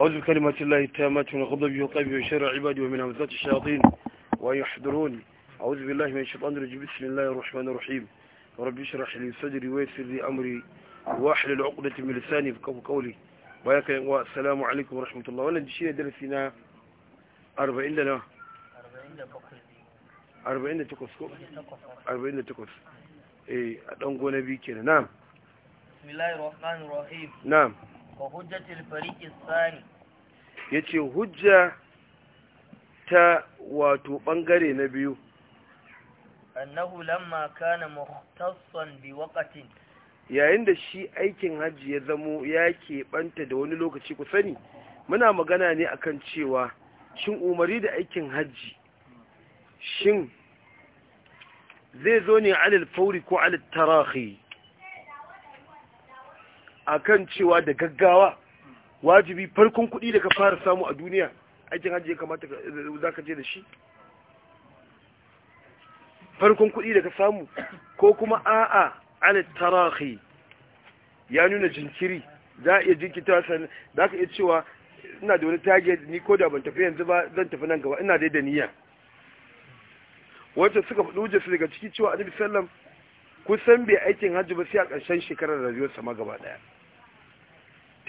أعوذ بكلمات الله التامات من غضبه وطيبه وشر عبادي ومن همزات الشياطين ويحضرون أعوذ بالله من الشيطان الرجيم بسم الله الرحمن الرحيم رب اشرح لي صدري ويسر لي أمري واحلل عقدة من لساني في قولي وياك والسلام عليكم ورحمة الله ولا نجي درسنا 40 لنا 40 تقص 40 تقص ايه دان غونه بي كده نعم بسم الله الرحمن الرحيم نعم yace hujja ta wato bangare na biyu annahu lamma kana muhtassan bi waqtin yayin da shi aikin haji ya zamo ya ke keɓanta da wani lokaci ku sani muna magana ne akan cewa shin umari da aikin haji. shin zai zo ne alal fauri ko alal tarahi akan cewa da gaggawa wajibi farkon kuɗi da ka fara samu a duniya aikin hajji ya kamata za ka je da shi farkon kuɗi da ka samu ko kuma a'a ala tarahi ya nuna jinkiri za a iya jinkita za ka iya cewa ina da wani target ni ko da ban tafi yanzu ba zan tafi nan gaba ina dai da niyya wacce suka faɗi wujar su daga ciki cewa annabi sallam kusan bai aikin hajji ba sai a ƙarshen shekarar rayuwarsa ma gaba ɗaya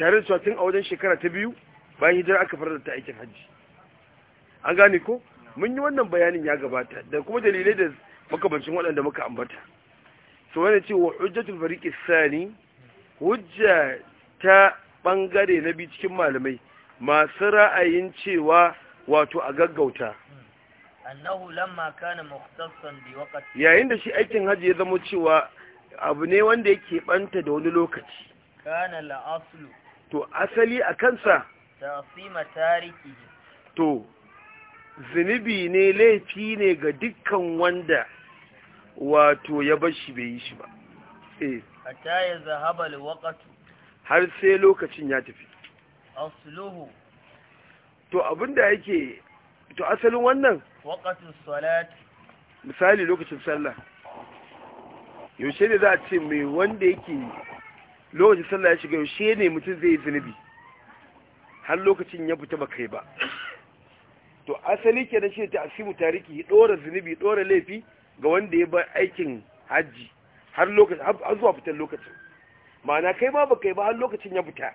tare da tun a wajen shekara ta biyu bayan hijira aka da ta aikin hajji an gane ko mun yi wannan bayanin ya gabata da kuma dalilai da makabancin waɗanda muka ambata Su wani ce wa hujjatul fariki sani hujja ta bangare na bi cikin malamai masu ra'ayin cewa wato a gaggauta annahu lamma kana mukhtassan bi waqti yayin da shi aikin haji ya zama cewa abu ne wanda yake ɓanta da wani lokaci kana la to asali a kansa tasima tariki to zunubi ne laifi ne ga dukkan wanda wato ya bar shi bai yi shi ba eh ata ya zahaba alwaqtu har sai lokacin ya tafi asluhu to abinda yake to asalin wannan waqtu salati misali lokacin sallah yaushe ne za a ce mai wanda yake lokacin sallah ya shiga yaushe ne mutum zai yi zunubi har lokacin ya fita ba kai ba to asali ke da shi ta asimu tariki ɗora zunubi ɗora laifi ga wanda ya bar aikin hajji har lokacin har zuwa fitar lokacin ma'ana kai ma ba kai ba har lokacin ya fita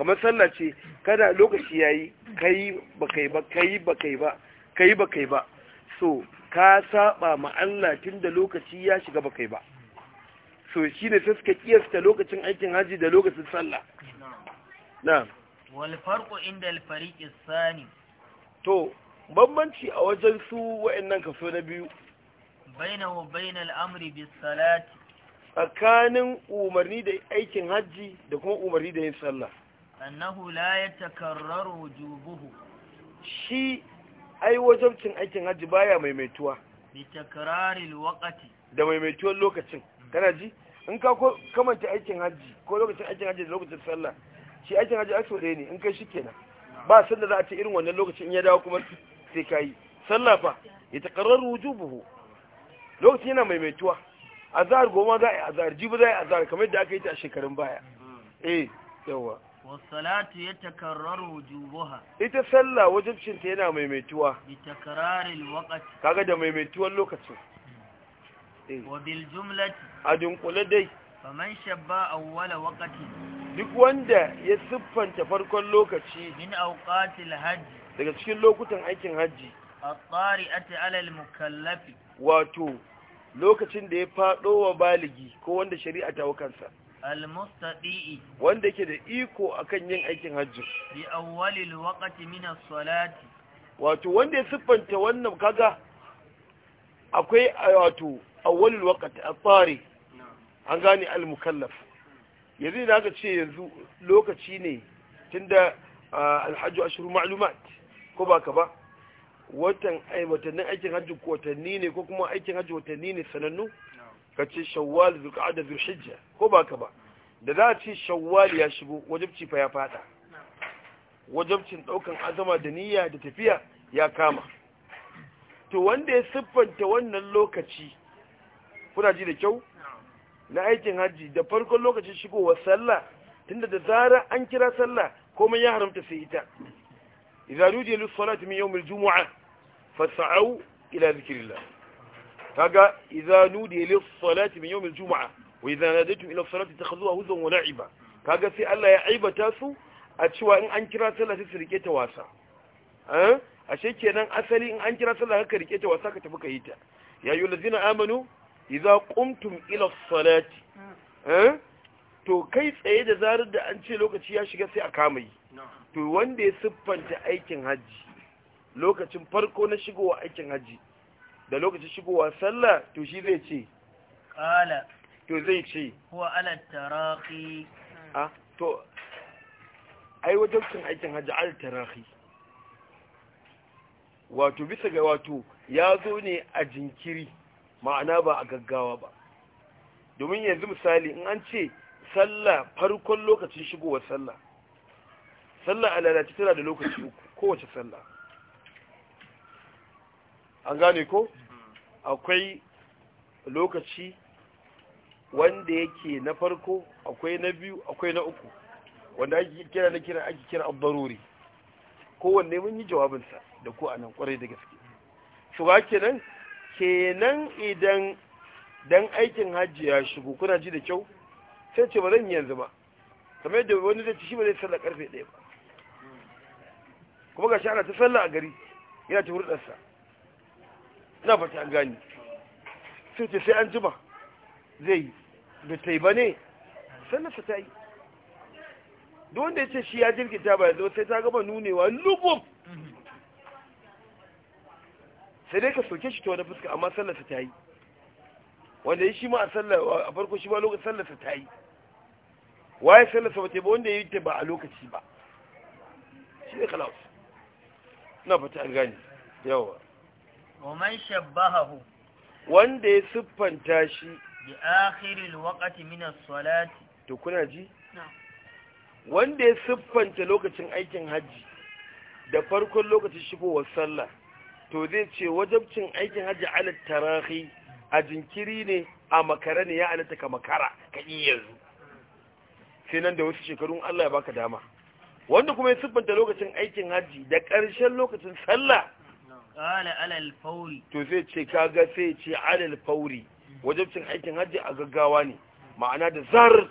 kamar sallah ce kada lokaci yi kai baka kai ba kai ba kai ba kai ba yi ba so ka saba ma Allah tunda lokaci ya shiga ba kai ba so shi ne sai suka kiyasta lokacin aikin haji da lokacin sallah na'am inda al fariq to bambanci a wajen su wayannan kaso na biyu bainahu bain al amri bis salati tsakanin umarni da aikin haji da kuma umarni da yin sallah annahu la yatakarraru wujubuhu shi ai wajibcin aikin haji baya maimaituwa bi takraril waqti da maimaituwar lokacin kana ji in ka kamanta aikin hajji ko lokacin aikin hajji da lokacin sallah shi aikin hajji aso ɗaya ne in kai shi kenan ba san da za a ce irin wannan lokacin in ya dawo kuma sai ka yi sallah fa ya taƙarar wujubuhu lokacin yana maimaituwa azhar goma za a yi azhar jibi za a yi azhar kamar yadda aka yi ta a shekarun baya eh yawa wasalatu ya takarar wujubuha ita sallah wajibcinta yana maimaituwa bi takararil waqti kaga da maimaituwar lokacin Eh. wa bil jumlati a dunkule dai man shabba wala wakati. duk wanda ya siffanta farkon lokaci min awqatil hajji daga cikin lokutan aikin hajji at-tari'ati 'ala al-mukallafi wato lokacin da ya fado wa baligi ko wanda shari'a ta wakansa al-mustati'i wanda yake da iko akan yin aikin hajji bi awwalil waqti min as-salati wato wanda ya siffanta wannan kaga akwai wato awwalul wakati a tari an gane al-mukallaf yanzu da aka ce yanzu lokaci ne tunda alhaji ashirin ma'lumat ko ba ka ba watan watannin aikin hajji watanni ne ko kuma aikin hajji watanni ne sanannu ka ce shawwal zulqa'ada zulhijja ko ba ka ba da za a ce shawwal ya shigo wajabci fa ya fada wajabcin daukan azama da niyya da tafiya ya kama to wanda ya siffanta wannan lokaci kuna ji da kyau na aikin hajji da farkon lokacin shigowa sallah tunda da zarar an kira sallah komai ya haramta sai ita idan ruje lu salati min yawmil jumu'a fas'au ila zikrillah kaga idan nudiya lu salati min yawmil jumu'a wa idan nadaytum ila salati takhudhuha huzwan wa la'iba kaga sai Allah ya aibata su a cewa in an kira sallah sai su rike ta wasa eh ashe kenan asali in an kira sallah ka rike ta wasa ka tafi ka yi ta ya ayyuhallazina amanu idza qumtum ila salati hmm. eh to kai tsaye da zarar da an ce lokaci ya shiga sai a kama yi to wanda ya siffanta aikin hajji lokacin farko na shigowa aikin hajji da lokacin shigowa sallah to shi zai ce qala to zai ce huwa ala taraqi ah to ai wajen aikin hajji ala taraqi wato bisa ga wato ya zo ne a jinkiri ma'ana ba a gaggawa ba domin yanzu misali in an ce sallah farkon lokacin shigowar sallah sallah a lalace tana da lokaci uku kowace sallah an gane ko akwai lokaci wanda yake na farko akwai na biyu akwai na uku wanda ake kira na kira ake kira abbarori kowanne mun yi jawabinsa da ku a nan kwarai da gaske su kenan kenan idan dan aikin hajji ya shigo kuna ji da kyau sai ce ba zan yi yanzu ba kamar yadda wani zai ci shi ba zai sallar karfe ɗaya ba kuma ga shi ana ta sallar a gari yana ta hurɗarsa ina fata an gani sai ce sai an jima zai yi da ta yi ba ne sallarsa ta yi da wanda ya ce shi ya jirgita ba ya sai ta gaba nunewa lugub sai dai ka soke shi ta wani fuska amma sallarsa ta yi wanda ya shi ma a farko shi ma lokacin sallarsa ta yi waye sallarsa ba ta ba wanda ya yi ta ba a lokaci ba shi ne kalaus na fata an gani yawa ومن شبهه wanda ya siffanta shi da akhirin wakati mina salati to kuna ji wanda ya siffanta lokacin aikin hajji da farkon lokacin shigowar sallah to zai ce wajabcin aikin hajji ala tarahi a jinkiri ne a makara ne ya alata ka makara ka yi yanzu sai nan da wasu shekarun Allah ya baka dama wanda kuma ya siffanta lokacin aikin hajji da ƙarshen lokacin sallah ala alal fauri to zai ce kaga sai ce alal fauri wajabcin aikin hajji a gaggawa ne ma'ana da zar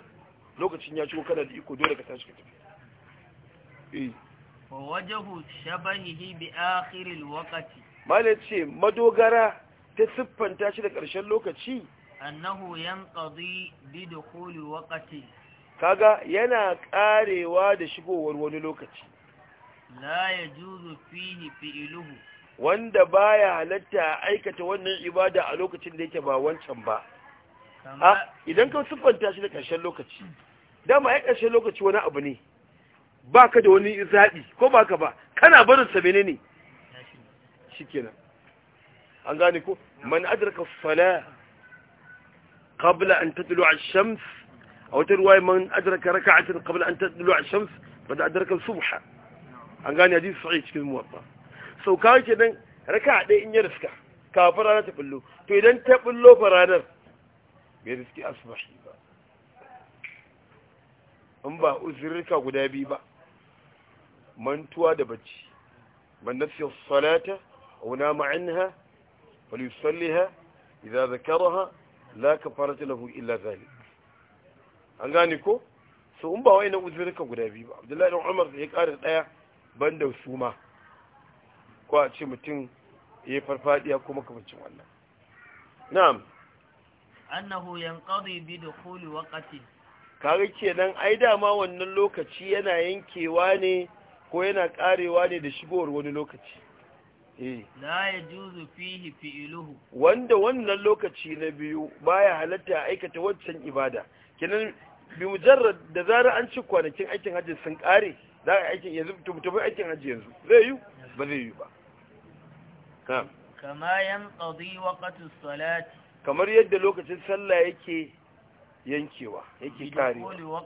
lokacin ya ciwo kana da iko dole ka tashi ka tafi eh. wajahu shabahihi bi akhiril waqti mala ce madogara ta siffanta shi da ƙarshen lokaci annahu yanqadi bi dukhuli waqti kaga yana karewa da shigowar wani lokaci la yajuzu fihi fi'luhu wanda baya halatta aikata wannan ibada a lokacin da yake ba wancan ba a ah, idan ka siffanta shi da ƙarshen lokaci dama ai ƙarshen lokaci wani abu ne baka da wani zaɓi ko baka ba kana barin sa menene ne shikenan an gane ko man adraka as-salah qabla an tadlu ash-shams aw tarwaya man adraka rak'atan qabla an tadlu ash-shams bada adraka subha an gane hadisi sahih cikin muwatta so ke dan raka'a dai in ya riska kafin rana ta bullo to idan ta bullo fa ranar bai riski asbahi ba in ba uzurrika guda biyu ba mantuwa da bacci man nafsi salata أو نام عنها فليصليها إذا ذكرها لا كفارة له إلا ذلك أنغانيكو so in ba wai na uzurka guda biyu ba abdullahi dan umar ya ƙara daya banda suma ko a ce mutum ya farfadiya kuma kamancin wannan na'am annahu yanqadi bi dukhul waqti kare kenan ai ma wannan lokaci yana yankewa ne ko yana karewa ne da shigowar wani lokaci Eh. la juzu fihi fi'luhu wanda wannan lokaci na biyu baya halatta aikata waccan ibada kenan bi mujarrad da zarar an ci kwanakin aikin hajji sun kare za a aikin yanzu tafi aikin hajji yanzu zai yi ba zai yi ba kama yanqadi waqtu salati kamar yadda lokacin sallah yake yankewa yake karewa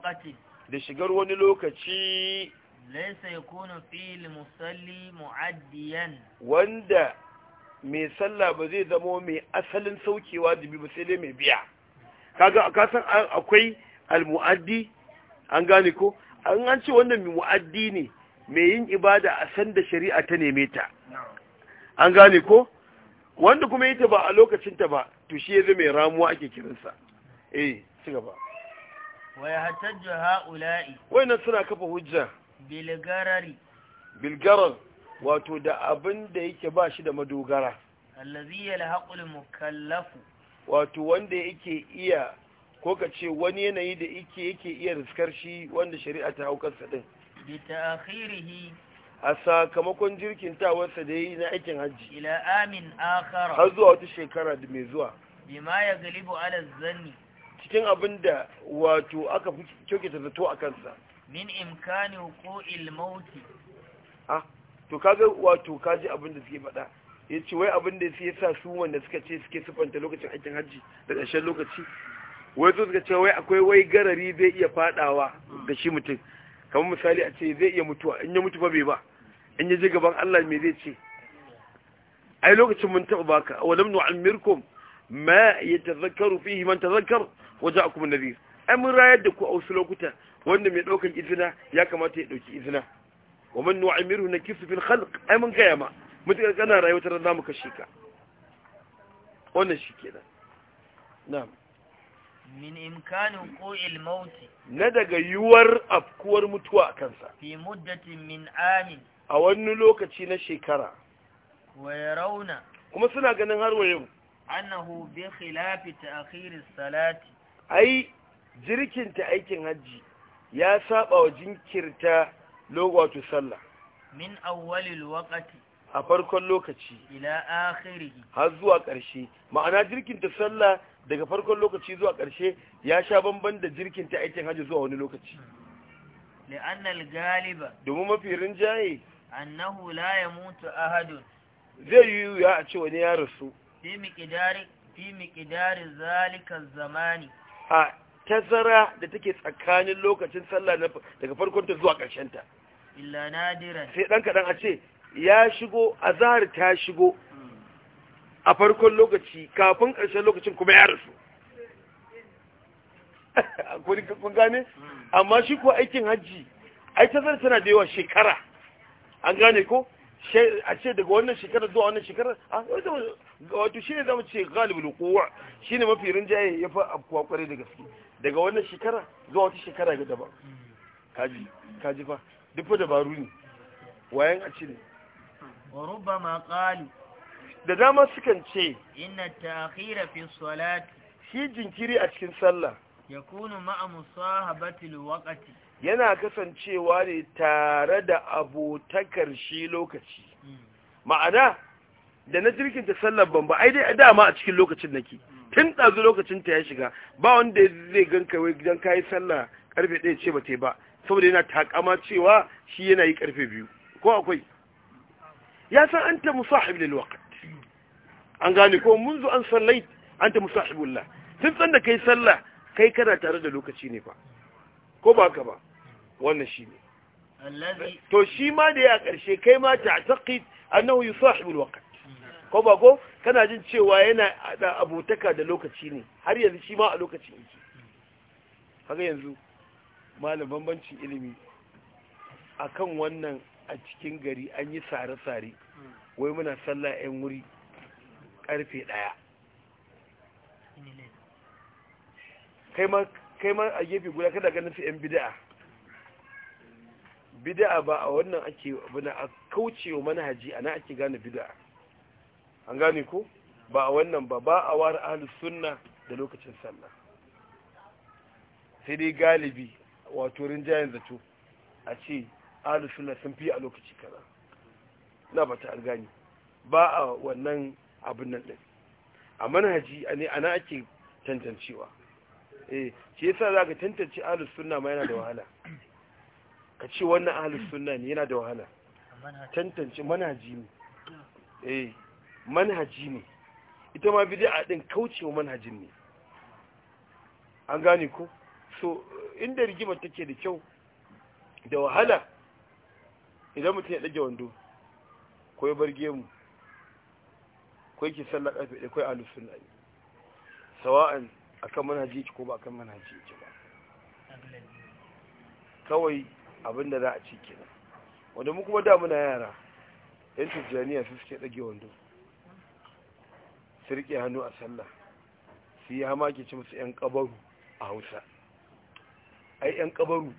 da shigar wani lokaci laisa yakunu fil musalli mu'addiyan wanda mai sallah ba zai zama mai asalin saukewa jibi ba sai dai mai biya kaga ka san akwai al-mu'addi an gane ko an an ce wannan mu'addi ne mai yin ibada a san da shari'a ta neme ta an gane ko wanda kuma yi ta ba a lokacin ta ba to shi ya zama ramuwa ake kiransa eh ci gaba wa yahtajju ha'ula'i wayannan suna kafa hujja bilgarari bilgarar wato da abin da yake ba shi da madogara allazi yalhaqul mukallafu wato wanda yake iya ko ka ce wani yanayi da yake yake iya riskar shi wanda shari'a ta haukarsa ɗin? din a sakamakon jirgin tawarsa da yi na aikin hajji ila amin akara har zuwa wata shekara da mai zuwa bima ya galibu ala zanni cikin abin da wato aka fi ke zato a kansa min imkani ko mauti ah to kaga wato kaji abin da suke faɗa yace wai abin da sai yasa su wanda suka ce suke sufanta lokacin aikin hajji da ƙarshen lokaci wai su suka ce wai akwai wai garari zai iya fadawa da shi mutum kamar misali a ce zai iya mutuwa in ya mutu ba bai ba in ya ji gaban Allah me zai ce ai lokacin mun taba baka walam nu'ammirkum ma yatazakkaru fihi man tazakkar waja'akum an-nadhir ai mun rayar da ku a wasu lokuta wanda mai ɗaukar izina ya kamata ya ɗauki izina wa man nu'amiru na kisu fil khalq ai mun gaya ma mutum kana rayuwa tare za mu kashe ka wannan shi kenan na'am min imkanin qu'il maut na daga yuwar afkuwar mutuwa a kansa fi muddatin min amin a wani lokaci na shekara wa Rauna? kuma suna ganin har wa yau annahu bi khilafi ta'khir as-salati ai jirkinta aikin hajji ya saba wa jinkirta lokacin sallah min awwalil waqti a farkon lokaci ila akhirihi har zuwa ƙarshe ma'ana jirkinta sallah daga farkon lokaci zuwa karshe ya sha bamban da jirkinta aikin haji zuwa wani lokaci li'annal galiba domin mafi rinjaye annahu la yamutu ahadun zai yi ya a ce wani ya rasu fi miqdari fi miqdari zalika zamani tazara da take tsakanin lokacin sallah daga farkon ta zuwa ƙarshen ta illa nadiran sai dan kadan a ce ya shigo azhar ta shigo a farkon lokaci kafin ƙarshen lokacin kuma ya rasu kun gane hmm. amma shi ko aikin hajji ai tazara tana da yawa shekara an gane ko a ce daga wannan shekarar zuwa wannan shekarar wato shi ne zama ce galibin kowa shi ne mafi rinjaye ya fi afkuwa kwarai da gaske daga wannan shekara zuwa wata shekara ga daban kaji kaji fa duk dabaru ne wayan a ci ne Ruba ma kali da dama sukan ce inna ta'khira fi salati shi jinkiri a cikin sallah Ya yakunu ma'amusa musahabati wakati yana kasancewa ne tare da abotakar shi lokaci ma'ana da na jirgin ta sallar ba ai dai dama a cikin lokacin nake tun ɗazu lokacin ta ya shiga ba wanda zai gan kawai gidan kayi sallah karfe ɗaya ce ba ta ba saboda yana takama cewa shi yana yi karfe biyu ko akwai ya san an ta musahib lil waqt an gane ko munzu an sallai an ta musahibullah tun san da kai sallah kai kana tare da lokaci ne fa ko ba ka ba wannan shi ne to shi ma da ya karshe kai ma ta taƙi annahu yi sahibul waƙat ko ba ko kana jin cewa yana da abotaka da lokaci ne har yanzu shi ma a lokacin yake haka yanzu malam bambancin ilimi a kan wannan a cikin gari an yi sare-sare wai muna sallah 'yan wuri karfe ɗaya kai ma a gefe guda kada ganin su 'yan bida'a bid'a ba a wannan ake abuna a kaucewa manhaji ana ake gane bid'a an gane ko ba a wannan ba ba a war ahlus sunna da lokacin sallah sai dai galibi wato rinjayen zato a ce ahlus sunna sun fi a lokaci kaza na ba ta gane ba a wannan abin nan din a manhaji ne ana ake tantancewa eh shi yasa zaka tantance ahlus sunna ma yana da wahala ka ce wannan ahalus sunna ne yana da wahala tantance manhaji ne eh manhaji ne ita ma bid'a din kaucewa manhajin ne an gane ko so inda rigimar take da kyau da wahala idan mutum ya dage wando ko ya bar gemu ko yake sallar kafe da kai ahalus sunna ne sawa'an akan manhaji ko ba akan manhaji ba kawai abinda da za a ci kenan wanda mu kuma da muna yara yan tijjaniya su suke dage wando su rike hannu a sallah su yi hama ke ci musu yan kabaru a hausa ai yan kabaru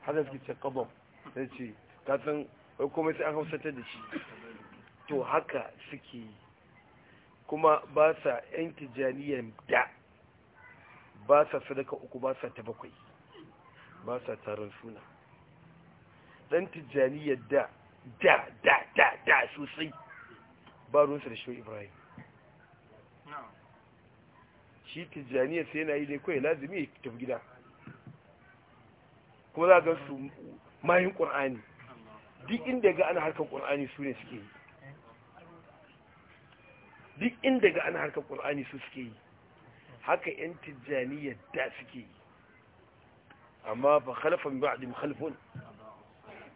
haka suke ce kabam ta ce ka san wai kuma sai an ta da shi to haka suke yi kuma ba sa yan tijjaniya da ba sa sadaka uku ba sa ta bakwai ba sa taron suna dan tijjaniyar da da da da da sosai ba su da shi ibrahim shi tijjaniyar sai yana yi ne kawai lazimi ya tafi gida kuma za ga su mayin ƙur'ani duk inda ga ana harkar ƙur'ani su ne suke yi duk inda ga ana harkar ƙur'ani su suke yi haka 'yan tijjaniyar da suke yi amma ba khalafan ɗin khalafun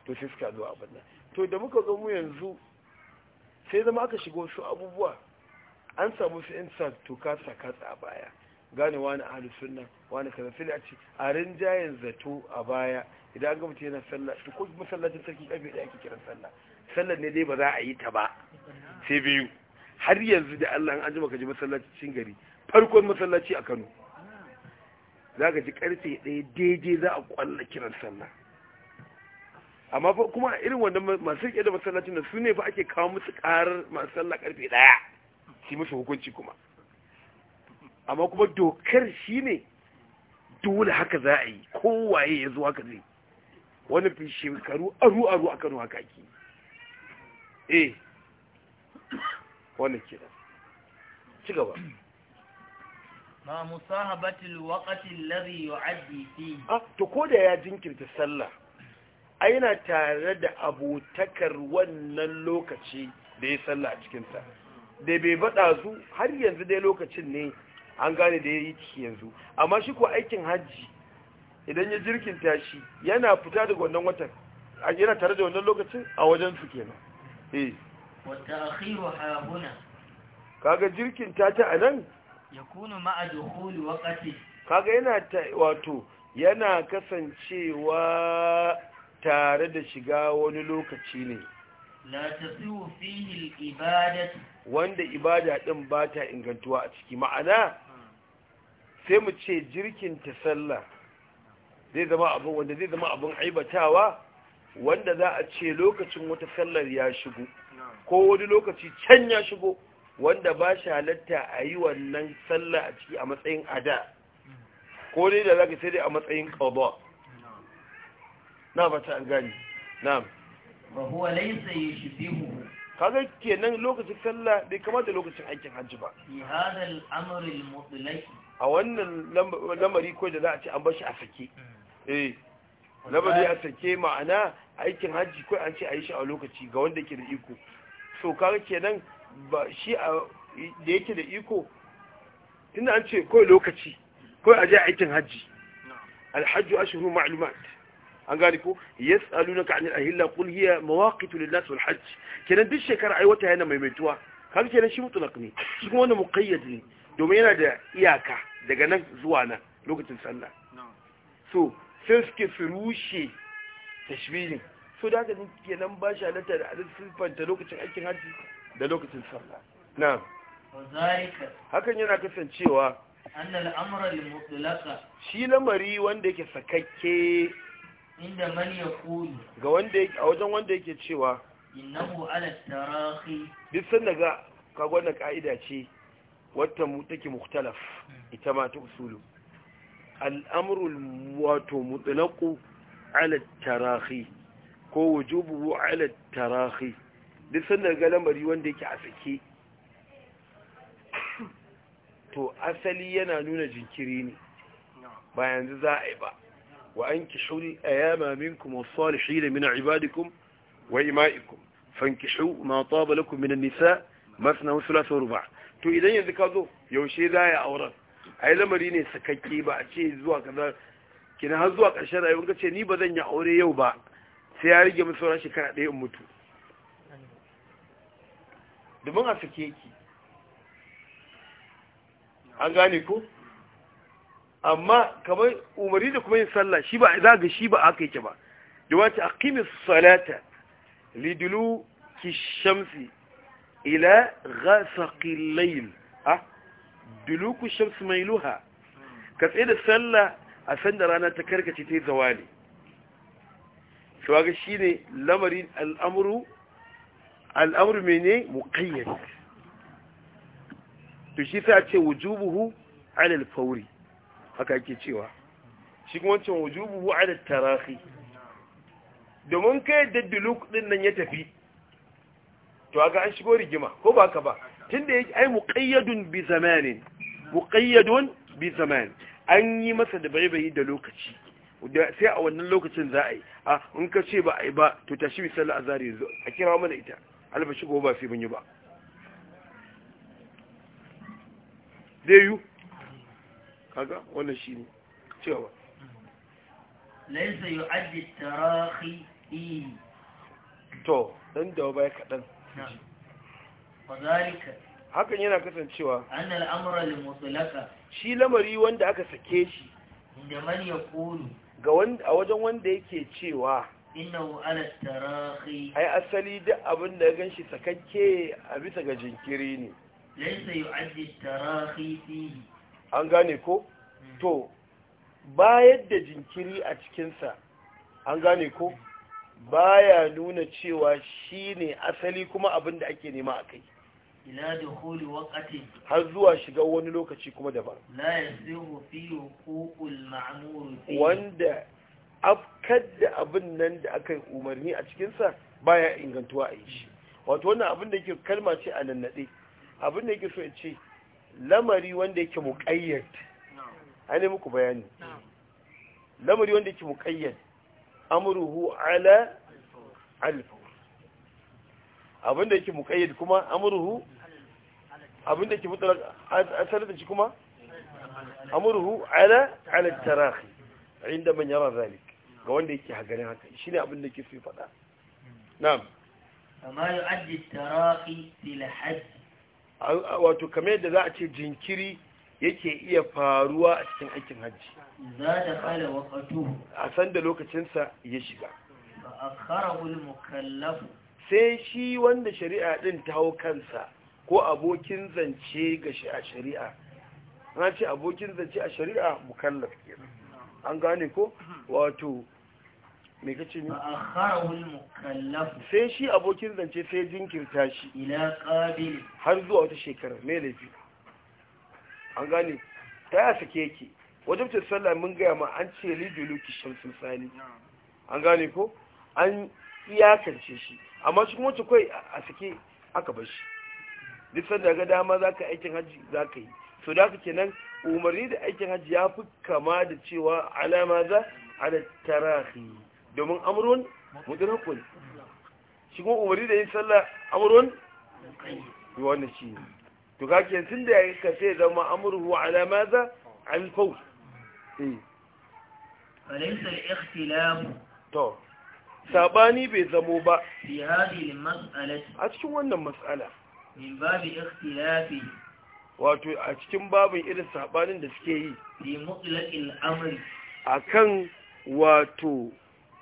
to sai suka zo abin nan to da muka zo mu yanzu sai zama aka shiga wasu abubuwa an samu su sa to kasa kasa a baya gane wani ahlus sunna wani kaza sai a ce a rinjayen zato a baya idan an ga mutum yana sallah to ko masallacin sarki kabe da ake kiran sallah sallar ne dai ba za a yi ta ba sai biyu har yanzu da Allah an ji ka ji masallacin gari farkon masallaci a Kano za ka ji karfe ɗaya daidai za a kwalla kiran sallah amma fa kuma irin wanda masu riƙe da masallacin da su ne fa ake kawo musu karar masu sallah karfe daya shi musu hukunci kuma amma kuma dokar shi ne dole haka za a yi kowaye ya zuwa haka zai wani fi shekaru aru-aru a kano haka ake eh wannan kira ci gaba ma musahabatul waqti allazi yu'addi fi ah to ko da ya jinkirta sallah Aina tare da abotakar wannan lokaci da ya salla a cikinsa da bai baɗa su har yanzu dai lokacin ne an gane da ya yi ciki yanzu amma shi ko aikin hajji idan ya jirkin tashi yana fita daga wannan watan yana tare da wannan lokacin a wajen su kenan eh wata akhiru hauna kaga jirkin ta ta anan yakunu ma'a dukhuli waqti kaga yana wato yana kasancewa tare da shiga wani lokaci ne la fihi wanda ibada din ba ta ingantuwa a ciki ma'ana sai mu ce jirkin ta sallah zai zama abin wanda zai zama abin aibatawa wanda za a ce lokacin wata sallar ya shigo ko wani lokaci can ya shigo wanda ba shi halatta a yi wannan sallah a ciki a matsayin ada ko dai da za ka sai dai a matsayin ƙaba na ba ta an gani na'am wa huwa laysa yashbihu kaga kenan lokacin sallah bai kamata lokacin aikin hajji ba fi hada al-amr al-mutlaq a wannan lamari ko da za a ce an bashi a sake mm. eh lamari a sake ma'ana aikin hajji ko an ce a yi shi a lokaci ga wanda ke da iko so kaga kenan ba shi da yake da iko tunda an ce kawai lokaci kawai a je aikin hajji alhajju ashhuru ma'lumat an gane ko yas'alunaka 'anil ahilla qul hiya mawaqitu lin-nas wal hajj kenan duk shekara ai wata yana maimaituwa kaga kenan shi mutlaq ne shi kuma wannan muqayyad ne domin yana da iyaka daga nan zuwa nan lokacin sallah so sai suke su rushe tashbihin so da haka kenan ba shi halatta da alifanta lokacin aikin hajji da lokacin sallah na'am hakan yana kasancewa annal amra lil mutlaqa shi lamari wanda yake sakakke inda man yaqulu ga wanda a wajen wanda yake cewa innahu ala tarahi duk san daga kaga wannan kaida ce wata mu take mukhtalaf ita ma ta usulu al'amru wato mutlaqu ala tarahi ko wujubu ala tarahi duk san daga lamari wanda yake a sake to asali yana nuna jinkiri ne ba yanzu za a yi ba وأنكحوا الأيام منكم والصالحين من عبادكم وإمائكم فانكحوا ما طاب لكم من النساء مثنى وثلاث ورباع to idan yanzu ka zo yaushe za ya auren ai lamari ne sakakke ba a ce zuwa kaza kina har zuwa ƙarshen rayuwar ka ce ni ba zan yi aure yau ba sai ya rige min sauran shekara ɗaya in mutu domin a sake ki an gane ko amma kamar umarni da kuma yin sallah shi ba za ga shi ba aka yake ba domin ta aqimi salata lidulu ki shamsi ila ghasaqil layl ah duluku shamsi mailuha ka tsaye da sallah a san da rana ta karkace ta yi zawali shawaga shi ne lamarin al'amru al'amru mene ne to shi a ce wujubuhu al fauri haka ake cewa shi kuma wancan a da tarahi domin kai yadda duluk din nan ya tafi to aga an shigo rigima ko ba ka ba tunda ya ai mukayyadun bi zamanin mukayyadun bi zamanin an yi masa da baibayi da lokaci sai a wannan lokacin za a yi a in ka ce ba a yi ba to tashi misali a zari yanzu a kira mana ita alba shigo ba sai mun yi ba zai yiwu kaga wannan shi shine cewa laysa yu'addi tarahi to dan da ba ya kadan hakan yana kasancewa annal amra lil mutlaqa shi lamari wanda aka sake shi inda man yaqulu ga wanda a wajen wanda yake cewa innahu ala tarahi ai asali duk abin da ya ganshi sakakke a bisa ga jinkiri ne laysa yu'addi tarahi fihi an gane ko to bayar da jinkiri a cikinsa an gane ko baya nuna cewa shi ne asali kuma abin da ake nema a kai ila da holi wakati har zuwa shiga wani lokaci kuma daban wanda afkar da abin nan da aka yi umarni a cikinsa baya ingantuwa a yi shi wato wannan abin da yake kalma ce a nannade abin da yake so ya ce lamari wanda yake muƙayyad an muku bayani lamari wanda yake muƙayyad amruhu ala alfawr abinda yake muƙayyad kuma amruhu abinda yake mutlaq asalin shi kuma amruhu ala alattarahi tarahi inda man yara zalik ga wanda yake hagarin haka shi ne abinda yake so faɗa na'am yi addi tarahi fi hajj wato kamar yadda za a ce jinkiri yake iya faruwa a cikin aikin hajji za da kala wakatu a sanda lokacinsa ya shiga a mukallafu sai shi wanda shari'a ɗin ta hau kansa ko abokin zance ga shari'a na ce abokin zance a shari'a mukallaf an gane ko mm-hmm. wato mai kace ne akharul mukallaf sai shi abokin zance sai jinkirta shi ila qabil har zuwa wata shekara mai laifi an gane ta ya sake yake wajibtar sallah mun gaya ma an ce duluki shamsul sani an gane ko an iyakance shi amma shi kuma kai a sake aka bar shi duk sanda ga dama zaka aikin hajji zaka yi so da kake nan umarni da aikin hajji ya fi kama da cewa alama za ala tarahi domin amurun mudurakun shi kuma umarni da yin sallah amurwan? yi wannan shi ne to kake yanzu da ya kafe zama amurhu ala maza an faus eh. falaisar ikhtilamu to sabani bai zamo ba fi hadhihi mas'alati a cikin wannan mas'ala min babi ikhtilafi wato a cikin babin irin sabanin da suke yi fi mutlaqil amri akan wato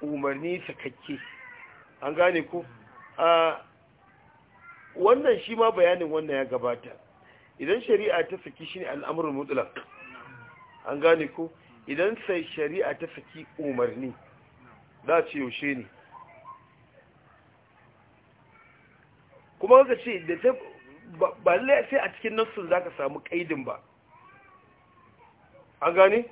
umarni sakakke an gane ku a wannan shi ma bayanin wannan ya gabata idan shari'a ta saki shi ne al'amurin mutulak an gane ku idan sai shari'a ta saki umarni za a ce yaushe ne kuma ka ce da ta ba sai a cikin nassun za ka samu ƙaidin ba an gane?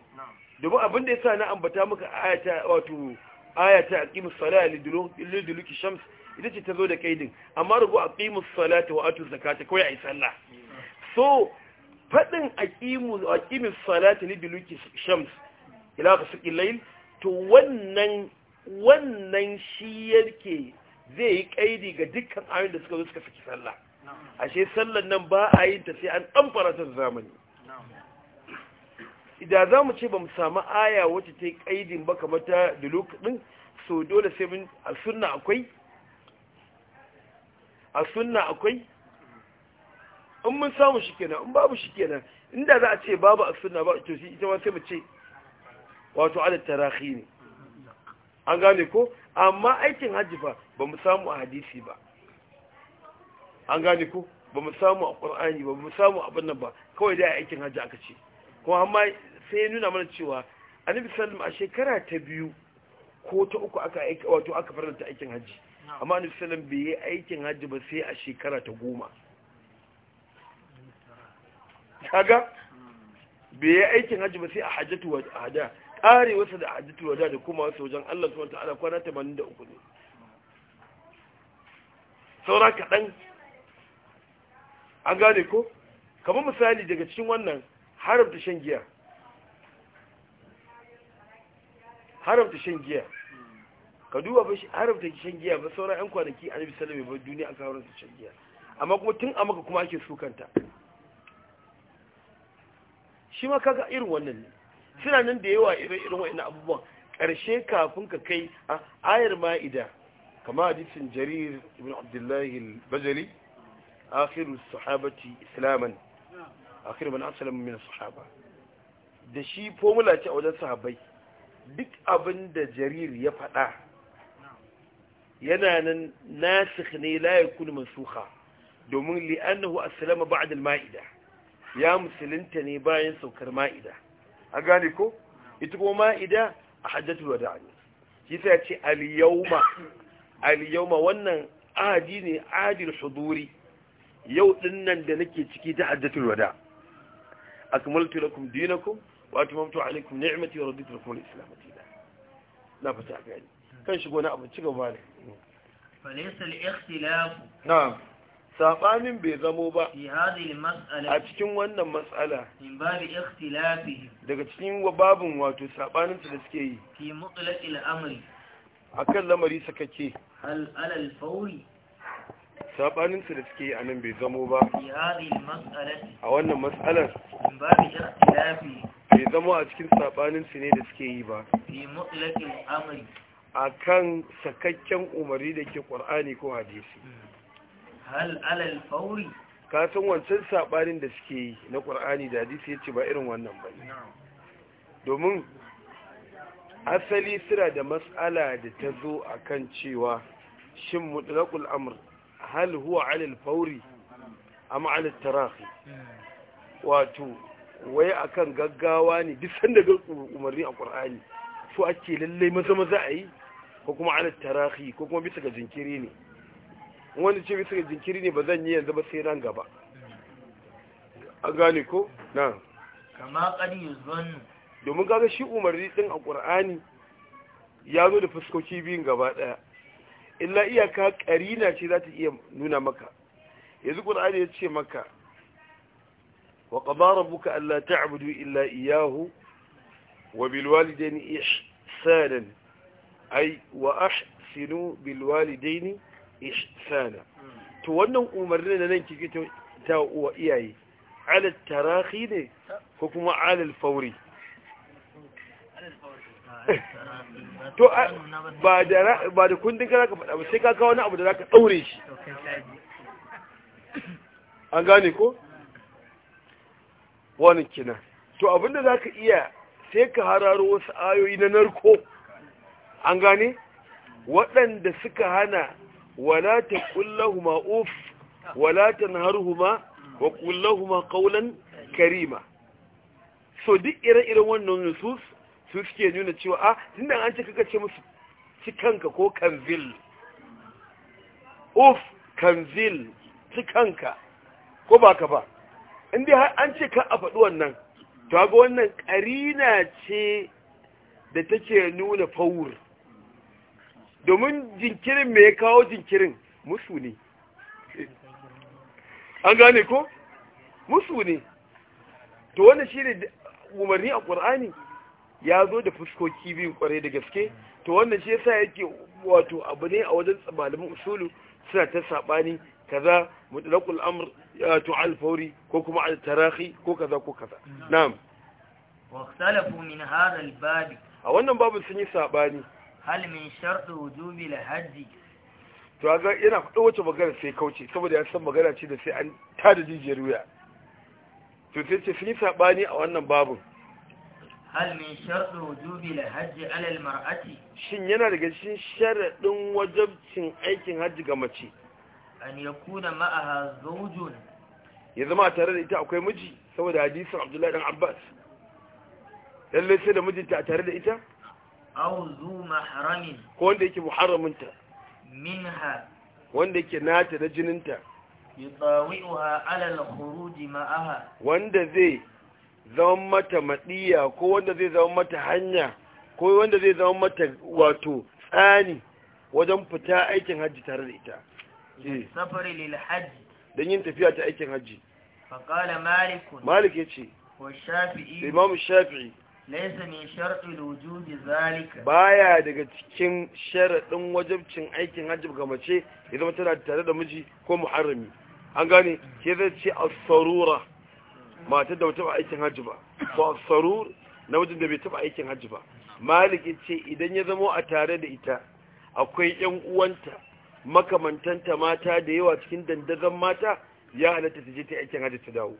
domin abin da ya sa na ambata muka ayata wato aya ta aqimus salata liduluki shams ita ce ta zo da kaidin amma rubu aqimus salata wa atu zakata kawai ai sallah so fadin aqimu aqimus salata liduluki shams ila qasqi layl to wannan wannan shi yake zai yi kaidi ga dukkan ayoyin da suka zo suka saki sallah ashe sallan nan ba a yin ta sai an amfara ta zamani idan za mu ce ba mu samu aya wacce ta yi ƙaidin ba kamar ta duluk ɗin so dole sai mun a sunna akwai a sunna akwai in mun samu shi kenan in babu shi kenan inda za a ce babu a sunna ba to shi ita ma sai mu ce wato ala tarahi ne an gane ko amma aikin hajji fa ba mu samu a hadisi ba an gane ko ba mu samu a ƙur'ani ba mu samu abin nan ba kawai dai aikin hajji aka ce kuma amma sai ya nuna mana cewa annabi sallam a shekara ta biyu ko ta uku aka aika wato aka faranta aikin hajji amma annabi sallam bai yi aikin hajji ba sai a shekara ta goma kaga bai yi aikin hajji ba sai a hajjatu wa hada kare wasa da hajjatu wa da kuma wasu wajen Allah subhanahu wataala kwana 83 ne saura kaɗan an gane ko kamar misali daga cikin wannan haramta shan giya haramta shan giya ka duba ba shi haramta shan giya ba sauran yan kwanaki annabi sallallahu alaihi wasallam duniya aka haramta shan giya amma kuma tun a maka kuma ake sukanta shi ma kaga irin wannan ne suna nan da yawa irin irin wa'annan abubuwan ƙarshe kafin ka kai a ayar ma'ida kama hadisin jarir ibn abdullahi al-bajali akhiru sahabati islaman akhir man aslama min sahaba da shi formula ce a wajen sahabbai duk abin da jarir ya faɗa yana nan nasikh ne la yakun mansukha domin li'anahu aslama ba'da al-ma'ida ya musulunta ne bayan saukar ma'ida a gane ko ita kuma ma'ida a haddatu wada ne shi sai ce al-yawma al-yawma wannan ahadi ne adil huduri yau dinnan da nake ciki ta haddatu wada. akmaltu lakum dinakum wa atmamtu alaykum ni'mati wa raditu lakum al-islam dinan na fata gani kan shigo na abu cigaba ne falaysa al-ikhtilaf na'am sabanin bai zamo ba a cikin wannan matsala daga cikin babin wato sabanin da suke yi Ki a kan lamari sakake alal fauri sabanin su da suke a nan bai zamo ba a wannan matsalar bai zamo a cikin sabanin su ne da suke yi ba a kan sakakken umari da ke ƙwar'ani ko hadisi hal alal fauri kasan wancan sabanin da suke yi na ƙwar'ani da hadisi ya ce ba irin wannan ba domin asali sira da matsala da ta zo a kan cewa shin mutlaƙul amur hal huwa alil fauri amma alil tarahi wato wai akan gaggawa ne duk sanda ga umarni a qur'ani so ake lallai maza maza a yi ko kuma alil tarahi ko kuma bisa ga jinkiri ne wani ce bisa ga jinkiri ne ba zan yi yanzu ba sai nan gaba an gane ko na kama kadi yuzon domin kaga shi umarni din a qur'ani ya zo da fuskoki biyun gaba daya. illa iyaka karina ce za ta iya nuna maka yanzu ƙur'ani ya ce maka wa qadara allah ta abudu illa iyahu wa bil ihsanan ai wa ahsinu bil ihsana to wannan umarni na nan kike ta uwa iyaye ala tarahi ne ko kuma ala fauri to ba da ba da kundin ka zaka faɗa ba sai ka kawo wani abu da zaka daure shi an gane ko wani kina to abinda zaka iya sai ka hararo wasu ayoyi na narko an gane waɗanda suka hana wala ta kullahuma uf wala naharuhuma wa ma qawlan karima so duk ire-iren wannan nusus su suke nuna cewa a ah, tunda an ce kaka ce musu cikanka ko kanzil uf kanzil cikanka ko ba ka ba inda an ce ka a faɗi wannan to ga wannan ƙarina ce da take nuna fawur domin jinkirin mai kawo jinkirin musu ne an gane ko musu ne to wanda shi ne umarni a ƙur'ani ya zo da fuskoki biyu kwarai da gaske to wannan shi yasa yake wato abu ne a wajen malamin usulu suna ta sabani kaza mutlaqul amr to al-fawri ko kuma al-tarahi ko kaza ko kaza na'am wa ikhtalafu min hadha al-bab a wannan babu sun yi sabani hal min shartu wujubi al-hajj to ga ina faɗo wace magana sai kauce saboda ya san magana ce da sai an tada jijiyar wuya to sai ce sun yi sabani a wannan babun hal min sharɗi wujubi la hajji alal mar'ati shin yana daga cikin sharaɗin wajabcin aikin hajji ga mace an yakuna ma'aha zawjun ya zama tare da ita akwai miji saboda hadisin Abdullahi dan Abbas lalle sai da mijinta tare da ita aw zu mahramin ko wanda yake muharraminta minha wanda yake nata da jininta yutawi'uha ala al-khuruj ma'aha wanda zai zama mata maɗiya ko wanda zai zama mata hanya ko wanda zai zama mata wato tsani wajen fita aikin hajji tare da ita eh. safari lil hajji don yin tafiya ta aikin hajji faƙala malikun malik ya ce imamu shafi'i laisa min sharɗi wujudi zalika baya daga cikin sharaɗin wajabcin aikin hajji ga mace ya zama tana tare da miji ko muharrami an gane ke zai ce a sarura matar da ba aikin hajji ba ko sarur na wajen da bai taba aikin hajji ba malik yace idan ya zamo a tare da ita akwai yan uwanta makamantanta mata da yawa cikin dandazon mata ya halatta ta je ta aikin hajji ta dawo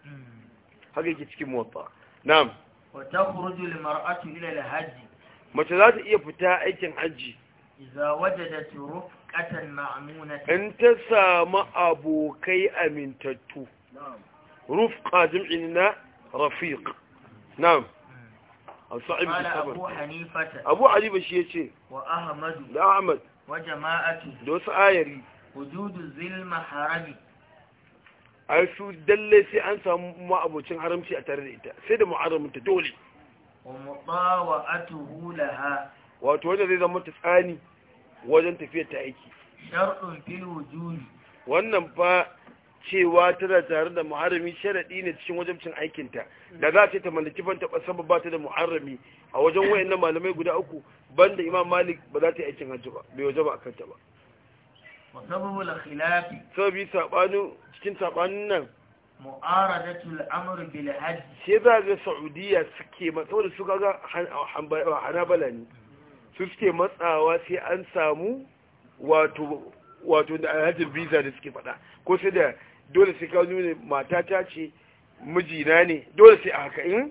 haka yake cikin muwatta na'am wa takhruju lil mar'ati ila al hajji mace za ta iya fita aikin hajji idza wajadat rufqatan ma'munatan in ta samu abokai amintattu na'am رفقة جمعنا رفيق نعم الصعب قال أبو حنيفة أبو حنيفة شيء شيء وأحمد وجماعته دوس آيري وجود الظلم حرمي ai su dalle sai an samu ma'abocin haramci a tare da ita sai da mu'arraminta dole wato wanda zai zama tsani wajen tafiyar ta aiki shar'un fil wannan cewa tana tare da muharami sharaɗi ne cikin wajabcin aikinta da za ce ta mallaki ban taɓa saba ba ta da muharami a wajen wayan na malamai guda uku ban da imam malik ba za ta yi aikin hajji ba bai ba a kanta ba sababi saɓanin cikin saɓanin nan mu'aradatul amr bil hajj sai za ga saudiya suke saboda su kaga hanabala ne su suke matsawa sai an samu wato wato da alhajin visa da suke faɗa ko sai da dole sai ka nuna matata ce mijina ne dole sai a haka in eh?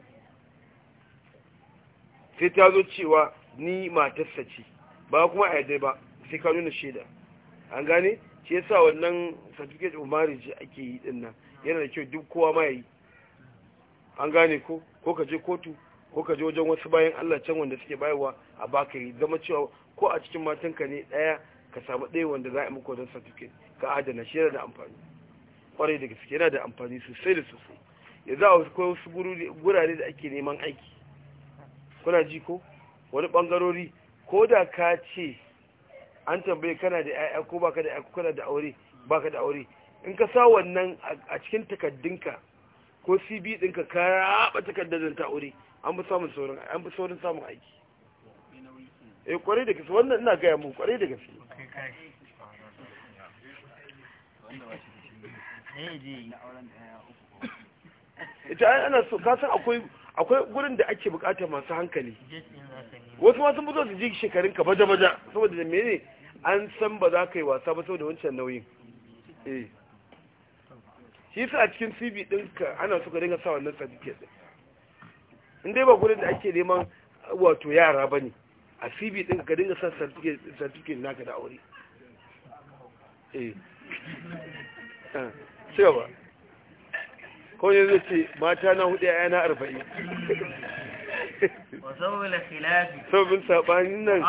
sai ta zo cewa ni matarsa ce ba kuma a yadda ba sai ka nuna shaida an gane ya yasa wannan certificate of marriage ake yi din nan yana da kyau duk kowa ma yi an gane ko ko ka je kotu ko ka je wajen wasu bayan Allah can wanda suke bayarwa a baka yi zama cewa ko a cikin matanka ne daya ka samu ɗaya wanda za a yi muku wajen certificate ka adana shi da amfani kwarai da gaske yana da amfani sosai da sosai ya za a wasu gurare da ake neman aiki kuna ji ko wani bangarori ko da ka ce an tambaye kana da ya'ya ko baka da ya'ya kana da aure baka da aure in ka sa wannan a cikin takaddinka ko cb dinka ka raba takardar ta aure an fi samun saurin an fi saurin samun aiki eh kwarai da gaske wannan ina gaya mu kwarai da gaske ita ai ana so kasan akwai akwai gurin da ake bukatar masu hankali wasu ma sun fito su ji shekarun ka baja baja saboda da mene an san ba za ka yi wasa ba saboda wancan nauyin eh shi sa a cikin CV ka ana so ka dinga sa wannan certificate din in dai ba gurin da ake neman uh, wato yara bane a CV ɗinka ka dinga sa certificate certificate naka da aure eh ah. cewa ba ko ne zai ce mata na hudu ya yana arba'in sabbin saɓanin nan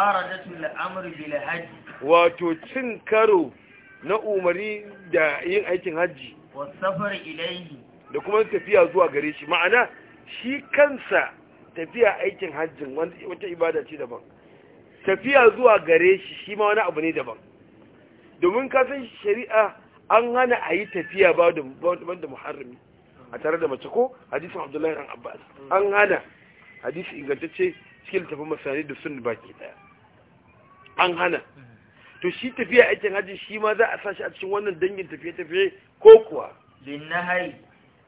wato cin karo na umari da yin aikin hajji da kuma tafiya zuwa gare shi ma'ana shi kansa tafiya aikin hajjin wata ibada ce daban tafiya zuwa gare shi shi ma wani abu ne daban domin kafin shari'a an hana a yi tafiya ba da muharrami a tare da mace ko hadisin abdullahi ran abbas mm. an hana hadisi ingantacce cikin tafi masani da sun baki daya an hana mm. to shi tafiya aikin hajji shi ma za a sashi a cikin wannan dangin tafiye-tafiye ko kuwa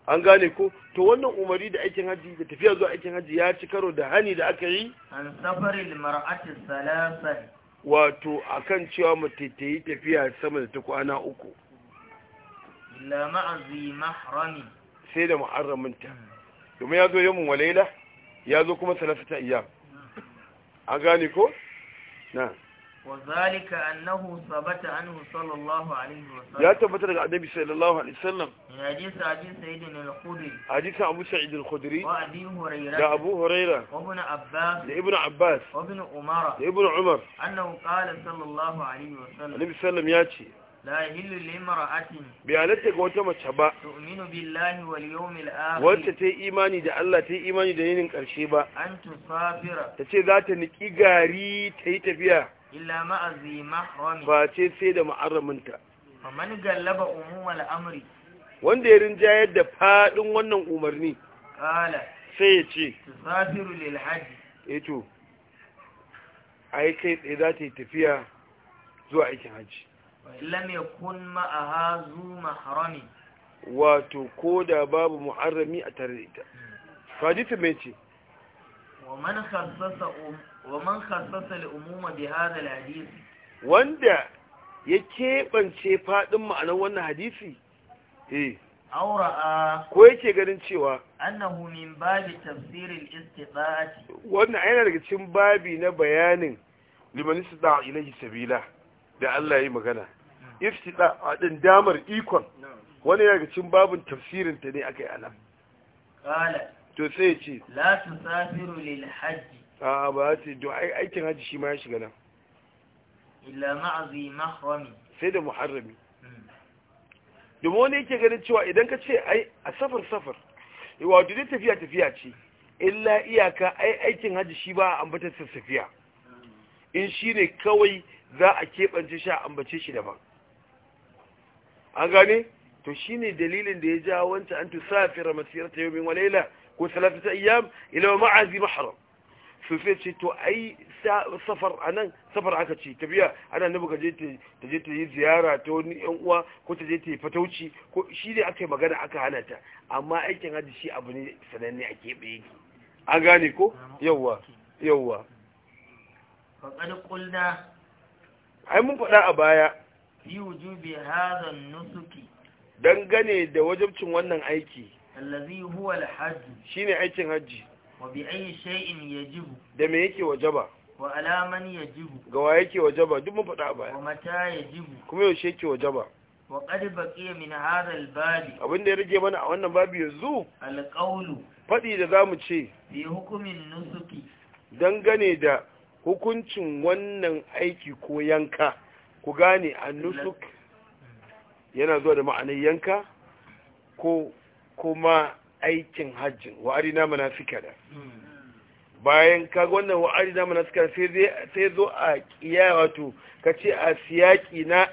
an gane ko to wannan umari da aikin hajji da tafiya zuwa aikin hajji ya ci karo da hani da aka yi an safarin mar'atin salasa wato akan cewa mace ta yi tafiya sama da ta kwana uku illa ma'azi mahrami sai da muharraminta domin ya zo yamin walaila ya zo kuma salasa ta iya a gani ko? na wazalika annahu sabata anhu sallallahu alaihi ya tabbata daga annabi sallallahu alaihi wasallam ya ji sa'adin sayyidin al-khudri da abu huraira da ibn abbas da ibn umar annahu kala sallallahu alaihi wasallam annabi sallam ya ce la a limra'atin ga wata mace ba tu'minu billahi wal yawmil akhir wacce ta imani da Allah ta imani da yinin ƙarshe ba an tusafira za ta niƙi gari ta yi tafiya ba ce sai da ma'arraminta amri wanda ya rinjayar da faɗin wannan umarni kala sai ya ce eh kai tsaye za ta yi tafiya zuwa aikin hajji lam yakun ma'aha zu mahrami wato ko da babu muharrami a tare da ita hadisi mai ce wa man khassasa um, wa man khassasa li umuma bi hadha al wanda ya keɓance faɗin ma'anar wannan hadisi eh aura'a ko yake ganin cewa annahu min babi tafsirin istita'ati wannan yana daga cikin babi na bayanin liman istita'a ilahi sabila da Allah yi magana iftida a din damar ikon wani ya cin babin tafsirinta ne aka yi alam to sai ce la su safiru lil hajji a ba ce to aikin hajji shi ma ya shiga nan illa ma'azi mahrami sai da muharrami hmm. domin wani yake ganin cewa idan ka ce ai a safar safar wato dai tafiya tafiya ce illa iyaka ai aikin hajji shi ba a ambatar tafiya hmm. in shi ne kawai za a keɓance shi a ambace shi daban an gane to shine dalilin da ya ja wanta an tusafira masirata yomin wa layla ko salatata ayyam ila ma'azi mahram su sai ce to ai safar anan safar aka ce tafiya ana nufi ka je ta je ta yi ziyara ta wani yan uwa ko ta je ta yi fatauci ko shi ne aka yi magana aka hana ta amma aikin hajji shi abu ne sananne a keɓe yake an gane ko yawwa yawwa faƙar ƙulna ai mun faɗa a baya fi wujubi hadha nusuki dangane da wajibcin wannan aiki allazi huwa al-hajj shine aikin hajji wa bi ayi shay'in yajibu da me yake wajaba wa alaman yajibu ga wa yake wajaba duk mun faɗa a baya wa mata yajibu kuma yaushe yake wajaba wa qad baqiya min hadha al-babi abinda ya rage mana a wannan babi yanzu al-qawlu faɗi da zamu ce bi hukumin nusuki dangane da hukuncin wannan aiki ko yanka ku gane nusuk yana zuwa da ma'anin yanka ko kuma aikin hajjin wa'ari na munafika da bayan ka wannan wa'ari na munafika sai zo a kiya wato ka ce a siyaki na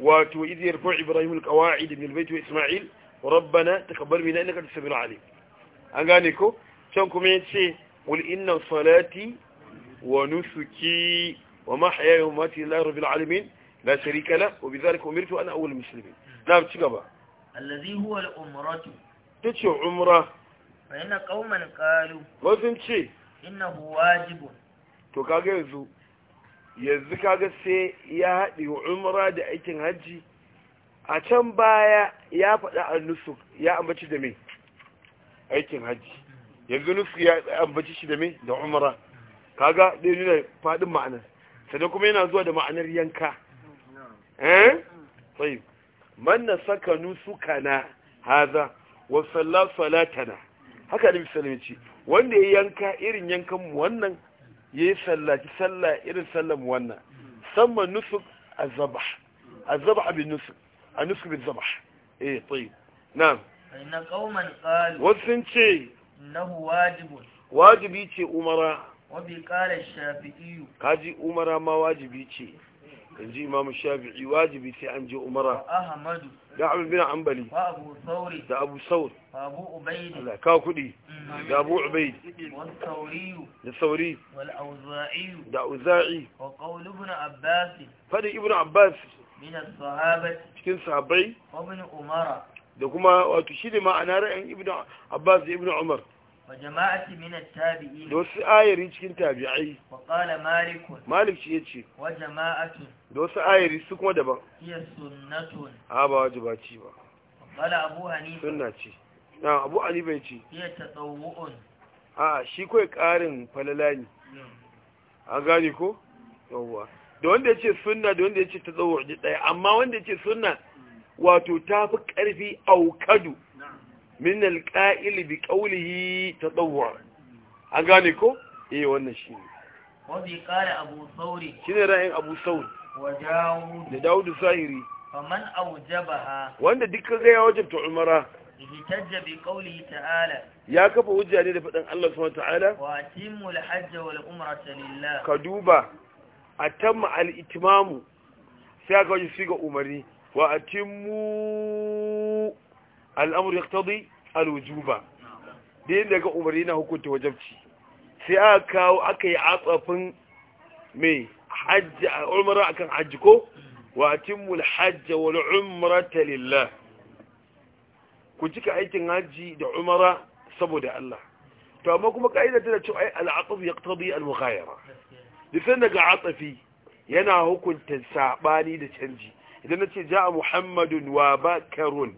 wato idiyar yarfu ibrahim alkawai da milbaitu wa isma'il rabbana taqabbal minna innaka as-samiul alim an gane ko can kuma yace qul inna salati wa nusuki ومحيا يوم ماتي لله رب العالمين لا شريك له وبذلك أمرت أنا أول المسلمين نعم تقبع الذي هو الأمرة تتشو عمرة فإن قوما قالوا وزن شيء إنه واجب تقاقى يزو yanzu kaga sai ya haɗe umra da aikin hajji a can baya ya faɗa a nusuk ya ambaci da me aikin hajji yanzu nusuk ya ambaci shi da da umra kaga ɗaya nuna faɗin ma'ana. sannan kuma yana zuwa da ma'anar yanka eh tayyib man sakanu sukana haza wa salla salatana haka da musulmi ce wanda ya yanka irin yankan mu wannan yayi sallaci salla irin sallan mu wannan samma nusuk azbah azbah bin nusuk anusuk bin zabah eh tayyib na'am inna qauman qalu wasin ce innahu wajibun wajibi ce umara wabi kala shafi'i kaji umara ma wajibi ce ji imam shafi'i wajibi sai an ji umara ahmadu da abu bin ambali da abu saur abu ubaid da ka kudi da abu ubaid da sauri da auza'i wa qawl ibn abbas fadi ibn abbas min as cikin sahabbai wa ibn da kuma wato shi ne ma'ana ra'ayin ibn abbas da ibn umar وجماعه من التابعين دوس ايري cikin tabi'ai وقال مالك مالك shi yace وجماعة دوس آيري su kuma daban هي سنة a ba wajiba ci ba وقال Abu حنيفة sunna ce na Abu Hanifa yace هي تطوع ah shi kai karin falalani hmm. an gane ko yawa da wanda yace sunna da wanda yace tazawwu ɗaya, amma wanda yace sunna wato tafi karfi aukadu min alqa'il bi qawlihi tadawwa an gane ko eh wannan shine wadi qala abu sauri shine ra'ayin abu sauri wa daud da daud zahiri faman awjabaha wanda duk kaga ya wajabta umara ihtajja bi qawlihi ta'ala ya kafa hujja ne da fadan Allah subhanahu wa ta'ala wa atimmu alhajj hajj wal umrata lillah ka duba atamma al-itmamu sai ga wajibi ga umarni wa atimmu al'amur ya tabi alwujuba da yin daga umarni na hukunta wajabci sai aka kawo aka yi atsafin mai hajji a umara akan hajji ko wa timmul wani wal umrata ku cika aikin hajji da umara saboda Allah to amma kuma ka'ida tana cewa ai al'aqaf yaqtadi al-mughayara daga atsafi yana hukunta saɓani da canji idan nace ja muhammadun wa bakarun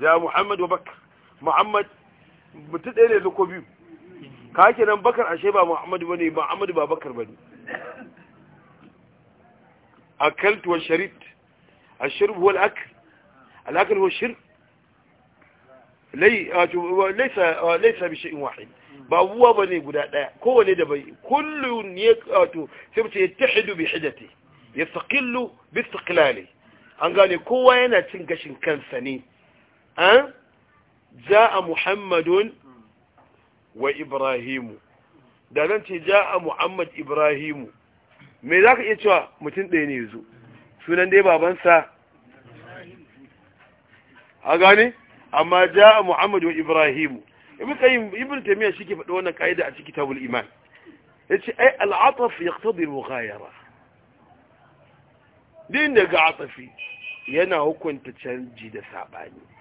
ja muhammad wa bakar muhammad mutu ɗaya ne ko biyu ka ke nan bakar ashe ba muhammadu ba ne muhammadu ba bakar ba ne a kaltuwa sharit ashirb huwa al'akar al'akl huwa shirb laisa ah, ah, bi shi'in wahid ba abubuwa ba ne guda ɗaya kowane da bai kullum ya kato ah, sai mace ya tahidu bi hidati ya saƙillu bi saƙilali an gane kowa yana cin gashin kansa ne an ja'a muhammadun wa ibrahimu da zan ce ja'a muhammad ibrahimu me za ka iya cewa mutum ɗaya ne yanzu? sunan dai babansa a gani amma ja'a muhammad wa ibrahimu ibn qayyim shi ke faɗi wannan ka'ida a cikin tabul iman ce ai al'ataf yaqtadi al-mughayara din daga atafi yana hukunta canji da saɓani.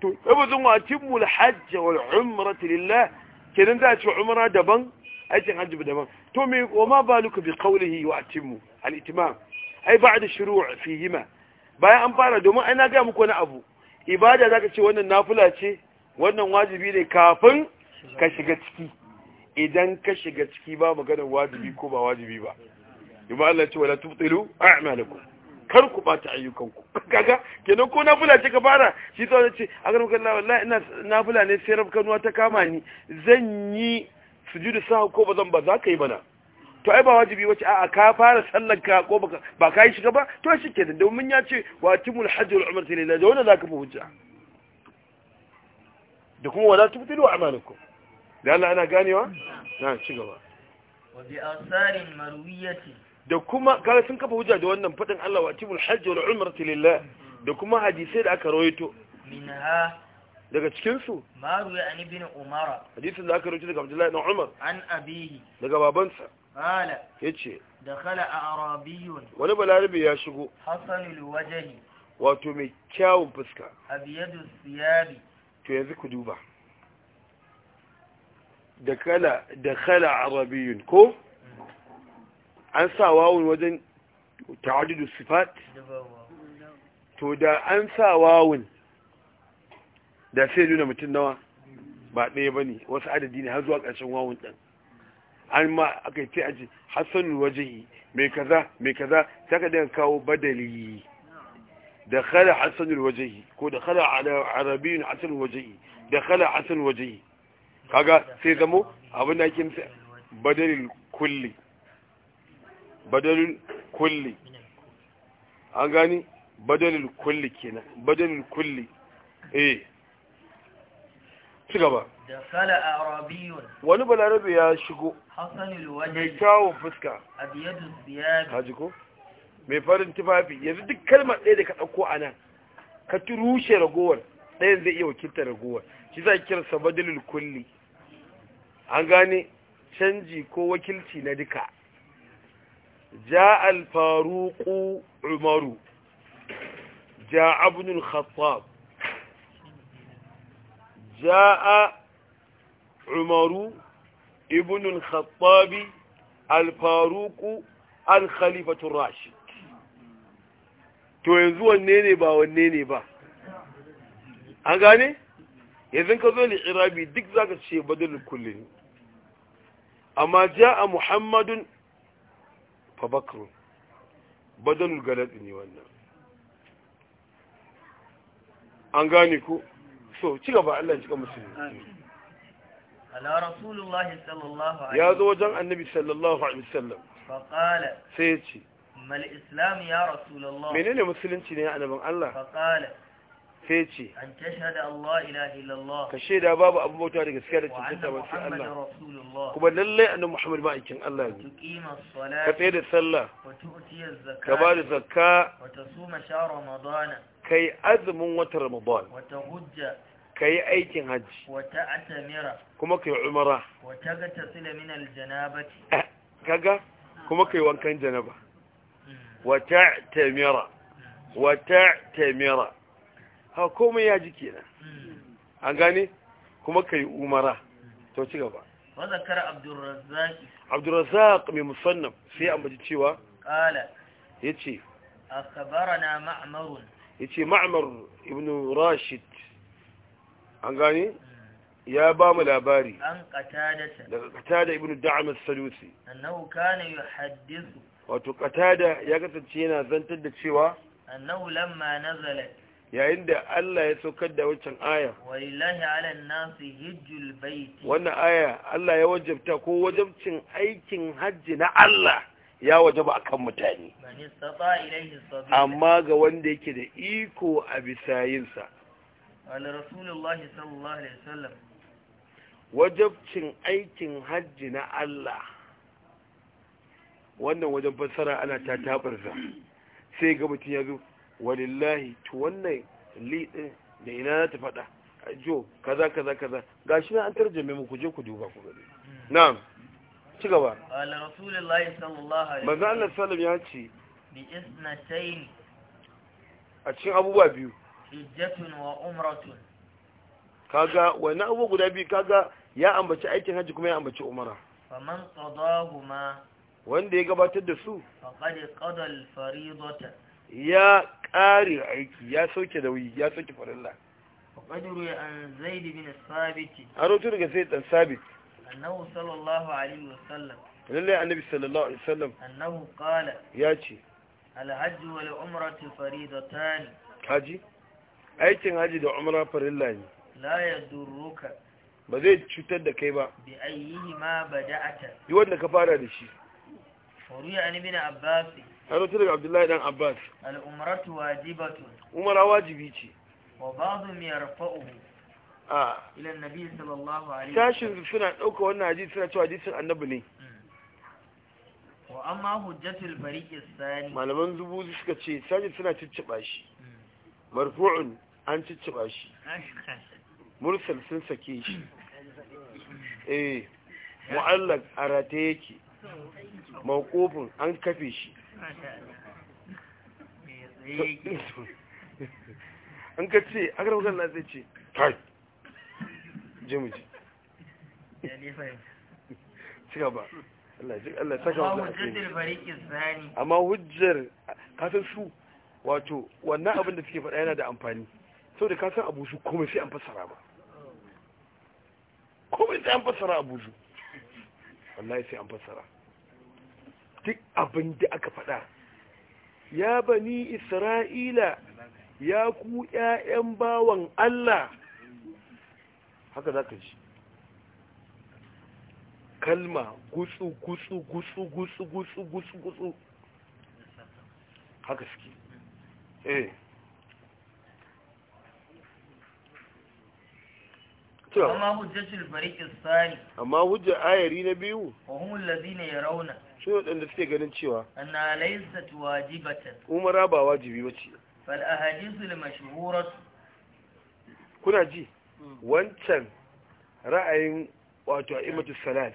to abuzun wa timmul hajji wal umrata lillah kenan za a umra daban aikin hajji daban to me wa ma luka bi kaulihi wa atimmu ai ba ai shiru shuru' fihima bayan an fara domin ai na ga muku wani abu ibada zaka ce wannan nafula ce wannan wajibi ne kafin ka shiga ciki idan ka shiga ciki ba maganar wajibi ko ba wajibi ba ibada ce wala tubtilu a'malakum kar ku bata ayyukanku kaga kenan ko na fula ce ka fara shi ta wani ce a kan kallon wallahi ina fula ne sai rabkanuwa ta kama ni zan yi sujudu sa ko ba zan ba za ka yi bana to ai ba wajibi wace a'a ka fara sallar ka ko ba ka yi shiga ba to shi ke da domin ya ce wa timul hajji wal umar lillah da wanda za ka fi hujja da kuma wala tubtilu a'malakum da Allah ana ganewa na ci gaba wa bi asarin marwiyati da kuma kaga sun kafa hujja da wannan fadin Allah wa timul hajj wal umrata lillah da kuma hadisai da aka rawaito minha daga cikin su maru ya ani bin umara hadisin da aka rawaito daga Abdullah ibn Umar an abihi daga babansa qala yace dakhala arabiyun wani balarabi ya shigo hasanul wajhi wato mai kyawun fuska abiyadu siyabi to yanzu ku duba dakhala dakhala arabiyun ko an sa wawun wajen ta'adudu sifat to da an sa wawun da sai nuna mutum nawa ba ɗaya ba ne wasu adadi ne har zuwa ƙarshen wawun ɗan an ma aka ce a ce hassanul wajehi mai kaza mai kaza ta ka daga kawo badali da hasanul hassanul wajehi ko da khala arabiyun hassanul wajehi da hasanul hassanul wajehi kaga sai zamo abin da ake badalil kulli badalul kulli an gani badalul kulli kenan badalul kulli eh cigaba gaba dakhala arabiyun wani balarabe ya shigo hasanul wajhi mai kyawun fuska abiyadu biyabi haji ko mai farin tufafi yanzu duk kalmar ɗaya da ka ɗauko a nan ka turushe ragowar ɗayan zai iya wakilta ragowar shi za kira sa kulli an gane canji ko wakilci na duka ja alfaruku umaru ja'a abinul khattab ja'a umaru ibinul khattabi alfaruku alkhalifatun rashid to yanzu wanne ne ba wanne ne ba an gane yanzu ka zo irabi duk zaka ce badal kullin amma jaa muhammadun fabakru bakru badalul galad ne wannan an gane ku so ci gaba Allah ya cika musulmi ala rasulullahi sallallahu alaihi ya zo wajen annabi sallallahu alaihi wasallam fa qala sai ya ce mal islam ya rasulullah menene musulunci ne annaban Allah fa qala sai ce ka shaida babu abin bauta da gaskiya da cancanta ba sai Allah kuma lallai annabi Muhammad ba aikin Allah ne ka tsaye da sallah ka ba da zakka kai azumin wata Ramadan ka Kai aikin hajji kuma ka min umara eh, kaga kuma ka wankan janaba hmm. wata tamira hmm. wata tamira ha komai ya ji kenan hmm. an gane kuma kai umara to ci gaba wa zakara abdurrazzaq abdurrazzaq mai musannaf sai an baji cewa qala yace akhbarana Ya ce ma'mar ibn rashid an gane hmm. ya ba mu labari an qatadata daga qatada ibn da'am as-salusi annahu kana yuhaddithu wato qatada ya kasance yana zantar da cewa annahu lamma nazalat yayin da Allah ya saukar da wancan aya walillahi ala nasi hijjul bait wannan aya Allah ya wajabta ko wajabcin aikin hajji na Allah ya wajaba akan mutane amma ga wanda yake da iko a bisayinsa ala rasulullahi sallallahu alaihi wasallam wajabcin aikin hajji na Allah wannan wajen fassara ana ta tabarsa sai ga mutum ya zo walillahi to wannan liɗin da ina na ta faɗa jo kaza kaza kaza Ga shi na an tarjame mu ku je ku duba ku gani na'am ci gaba ala rasulullahi sallallahu alaihi wasallam manzo Allah ya ce bi isnatayn a cikin abubuwa biyu hijjatun wa umratun kaga wani abu guda biyu kaga ya ambaci aikin hajji kuma ya ambaci umara faman qadahuma wanda ya gabatar da su faqad qada al-faridata ya ƙarin aiki ya sauke wuyi ya sauke farilla qadru an zaid an dan sabit sallallahu alaihi wasallam annabi sallallahu alaihi wasallam annahu qala ya ce alhajj wal umratu faridatan haji aikin haji da umra farilla ne la yadurruka ba zai cutar da kai ba bi ayyihi ma bada'ata yi wanda ka fara da shi faruya an ibn abbas an rutu daga abdullahi بن abbas al'umratu واجبه umara wajibi ce wa يرفعه mi الى النبي صلى الله عليه وسلم suna dauka wannan hadisi suna cewa hadisin annabi ne mm. wa amma hujjatul fariq sani malaman zubuzi suka ce sai suna cicciba shi mm. marfu'un an cicciba shi mursal sun sake shi mm. eh mu'allaq arate yake mawqufun an kafe shi an ka ce a ga magana zai ce kai je mu ji cika ba Allah saka wasu amma hujjar kasan su wato wannan abin da suke faɗa yana da amfani sau da kasan abu su komai sai an fassara ba kome sai an fassara abu su wallahi sai an fassara duk abin da aka faɗa ya bani isra'ila ya ku ‘ya'yan bawan Allah haka za ka ji kalma gutsu gutsu gutsu gutsu gutsu gutsu gutsu haka suke eh amma hujjatul bariqis tsari amma hujjar ayari na biyu lalzi ne ya yarawna su waɗanda suke ganin cewa anna laysat wajibatan umara ba wajibi bace fal ahadithu al mashhurat kuna ji hmm. wancan ra'ayin wato hmm. salat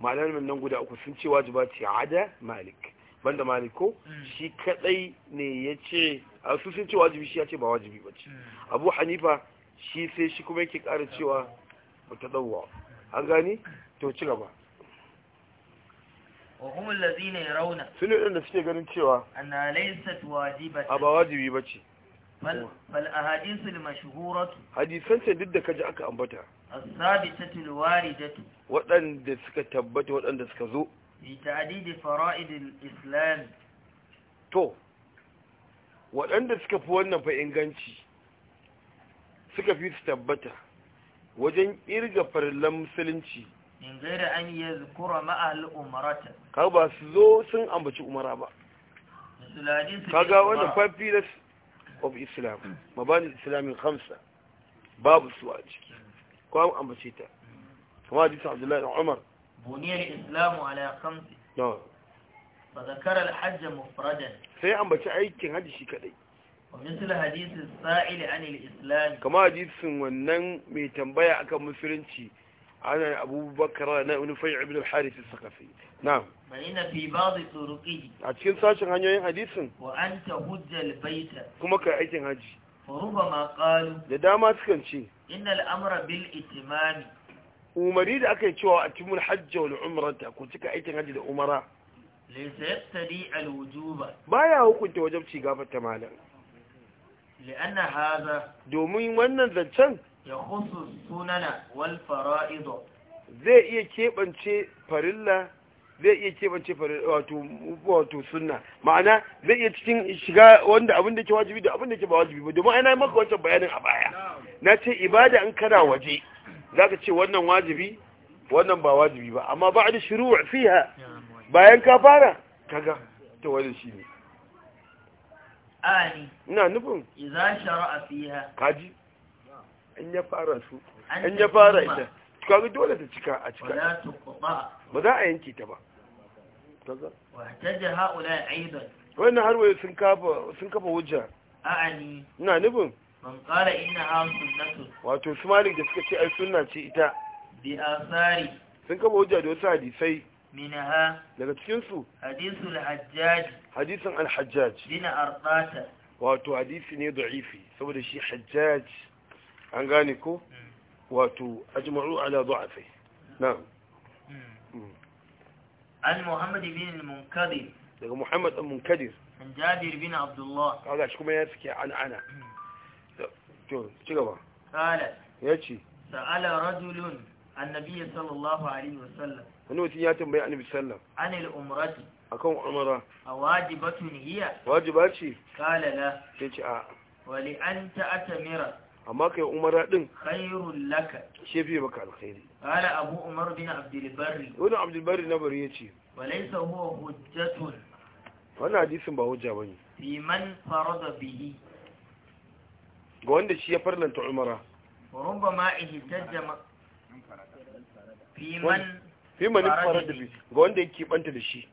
salaf min nan guda uku sun ce wajiba ce ada malik banda maliko hmm. shi kadai ne yace a su sun ce wajibi shi yace ba wajibi bace abu hanifa shi sai shi kuma yake kara cewa mutadawwa an gani to ci gaba wa humul ladzina yarawna sune irin suke ganin cewa anna laysat wajibatan ba wajibi bace bal ahadithu al-mashhuratu hadisan ce duk da kaji aka ambata as-sabitatu al-waridatu waɗanda suka tabbata waɗanda suka zo bi ta'didi fara'id al-islam to waɗanda suka fi wannan fa inganci suka fi su tabbata wajen kirga farillan musulunci in gaira an zukura ma'al umarata. ka ba su zo sun ambaci umara ba Ka ga wannan five pillars of islam mabani islamin hamsa. babu su a ciki ko an ambace ta kuma hadisi abdullahi umar buniyar islamu ala khamsi no fa zakara al-hajj mufradan sai ambace aikin hajji shi kadai ومثل حديث السائل عن الإسلام كما حديث wannan mai tambaya akan musulunci عن أبو بكر نفيع بن الحارث الثقفي نعم فإن في بعض طرقه أتكين ساشن هنيوين حديث وأنت هج البيت كما كأيتين هجي فربما قالوا لداما تكنشي إن الأمر بالإتمام umari da aka yi cewa a timul hajji wal umrata ko cika aikin hajji da umara laysa yaqtadi al wujuba baya hukunta wajibci gafar ta malam domin wannan zancen ya sunana wal fara'izo. zai iya keɓance farilla zai iya keɓance wato sunna ma'ana zai iya cikin shiga wanda abin da ke wajibi da abin da ke ba wajibi ba domin ana maka wancan bayanin a baya na ce ibada an kana waje za ka ce wannan wajibi wannan ba wajibi ba amma ba da shiru fiha bayan ka fara kaga ta wani shi ne ina nufin idan shara'a fiha kaji in ya fara su in ya fara ita kaga dole ta cika a cika ba za a yanke ta ba wannan har wayo sun kafa sun kafa hujja ina nufin man qala innaha sunnatu wato su malik da suka ce ai suna ce ita bi asari sun kafa hujja da wasu hadisai minha daga cikin su hadisul hajjaj hadisin al-hajjaj bin ardata wato hadisi ne da da'ifi saboda shi hajjaj انغانيكو واتو اجمعوا على ضعفه نعم عن محمد بن المنكدر ده محمد المنكدر عن جابر بن عبد الله هذا شكو ما يفكي عن انا جون شكو قال يجي سأل رجل النبي صلى الله عليه وسلم منو تيات عن النبي صلى الله عن الأمرة أكون عمرة واجبة هي واجبة شي قال لا تجي آه ولأن تأتمرت amma kai umara din khairul laka fi maka alkhairi qala abu umar bin abdul barri wannan abdul barri na bari yace walaysa huwa hujjatun wannan hadisin ba hujja bane liman farada bihi ga wanda shi ya farlanta umara rubbama ihtajja fiman fiman farada bihi ga wanda yake banta da shi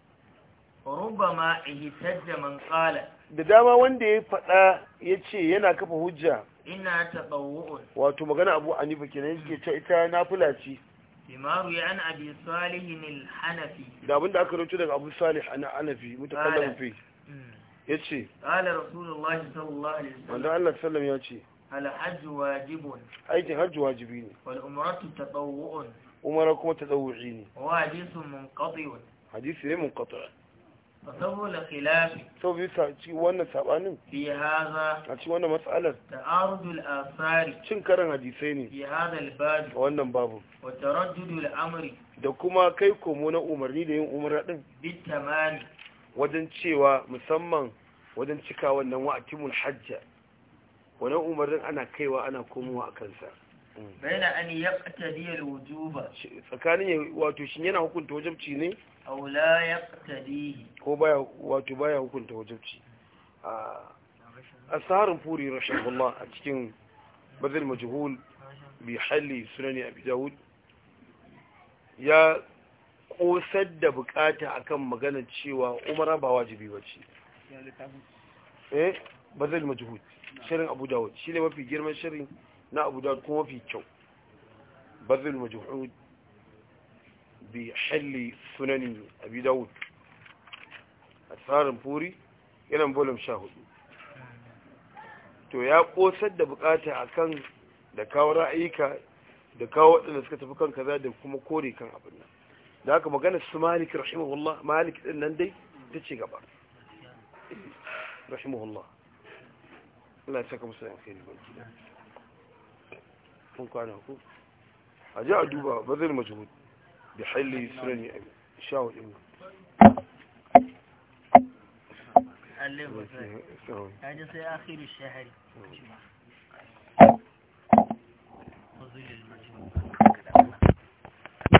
rubbama ihtajja man qala da dama wanda ya fada yace yana kafa hujja ina tatawu'un wato magana abu anifa kenan yake ce ita nafila ce bimaru ya an abi salihin al-hanafi da abinda aka rubuta daga abu salih an hanafi mutakallamu fi mm. ce. qala rasulullahi sallallahu alaihi wasallam wanda Allah sallam ya ce al-hajj wajibun aikin hajji wajibi ne wal umratu tatawu'un umara kuma tatawu'i ne wa hadithun munqati'un hadisi ne munqati' saboda khilafi so bisa ci wannan sabanin fi haza a ci wannan matsalar ta'arudul asari cin karan hadisai ne fi hada albab wannan babu wa taraddudul amri da kuma kai komo na umarni da yin umra din bi tamani wajen cewa musamman wajen cika wannan wa'atimul hajja wannan umarnin ana kaiwa ana komowa a kansa mm. bayan an yaqtadi alwujuba tsakanin wato shin yana hukunta wajibci ne aw la yaqtadihi ko baya wato baya hukunta wajibci a asarin furi rahimahullah a cikin bazil majhul bi halli sunani Abu dawud ya kosar da bukata akan magana cewa umara ba wajibi bace eh bazil majhul shirin abu dawud shine mafi girman shirin na abu dawud kuma mafi kyau bazil majhul abi سنن a tsarin أسهار فوري ينام sha hudu to ya kosar da bukata kan da kawo ra'ayika da kawo waɗanda suka tafi kan kaza da kuma kore kan abin nan da aka magana su malik rahimahullah malik din nan dai ta ce gaba rahimahullah Allah ya saka musu da alkhairi ba da kun kwana ku a ji a duba bazil majhud da halli surani sha hudu ne Thank you.